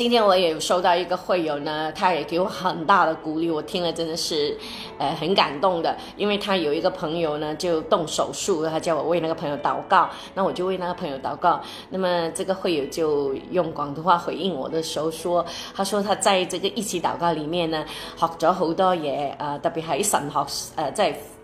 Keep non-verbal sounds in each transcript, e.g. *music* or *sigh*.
今天我也有收到一個會友呢，他也給我很大的鼓勵，我聽了真的是，呃，很感動的。因為他有一個朋友呢，就動手術，他叫我為那個朋友禱告，那我就為那個朋友禱告。那麼這個會友就用廣東話回應我的時候說，他說他在這個疫起禱告裏面呢，學咗好多嘢，呃，特別喺神學，呃，在。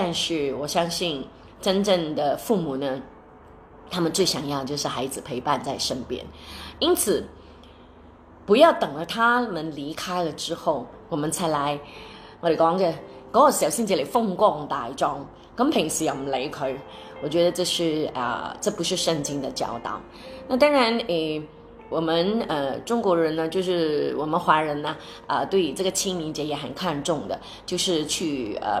但是我相信，真正的父母呢，他們最想要就是孩子陪伴在身邊。因此，不要等了他們離開了之後，我們才來。我哋講嘅嗰我小心，先至風光大葬。咁平時有唔嚟去？我覺得這是啊、呃，這不是聖經的教導。那當然，誒、呃，我們呃中國人呢，就是我們華人呢，啊、呃，對於這個清明節也很看重的，就是去呃。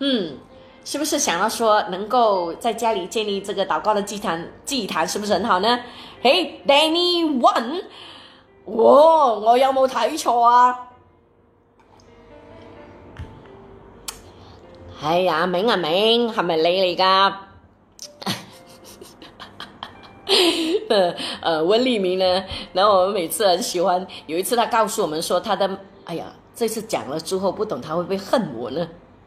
嗯，是不是想要說能夠在家裡建立這個禱告的祭壇？祭壇是不是很好呢？Hey Danny One，哦，我有冇睇錯啊？哎呀，明啊明，係咪叻嚟㗎。呃，溫麗明呢？然後我們每次很喜歡。有一次，他告訴我們說他的，哎呀，這次講了之後，不懂他會不會恨我呢？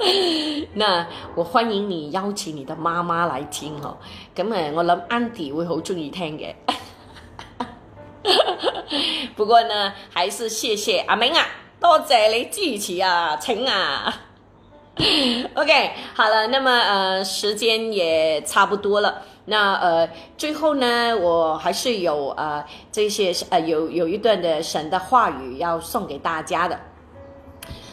*laughs* 那我歡迎你邀請你的媽媽來聽哦，咁誒，根本我諗安迪會好中意聽嘅。 *laughs* 不過呢，還是謝謝阿明啊，多謝，謝你支持啊，請啊。 *laughs* OK，好了，那麼呃時間也差不多了，那呃最後呢，我還是有呃這些呃有有一段的神的話語要送給大家的。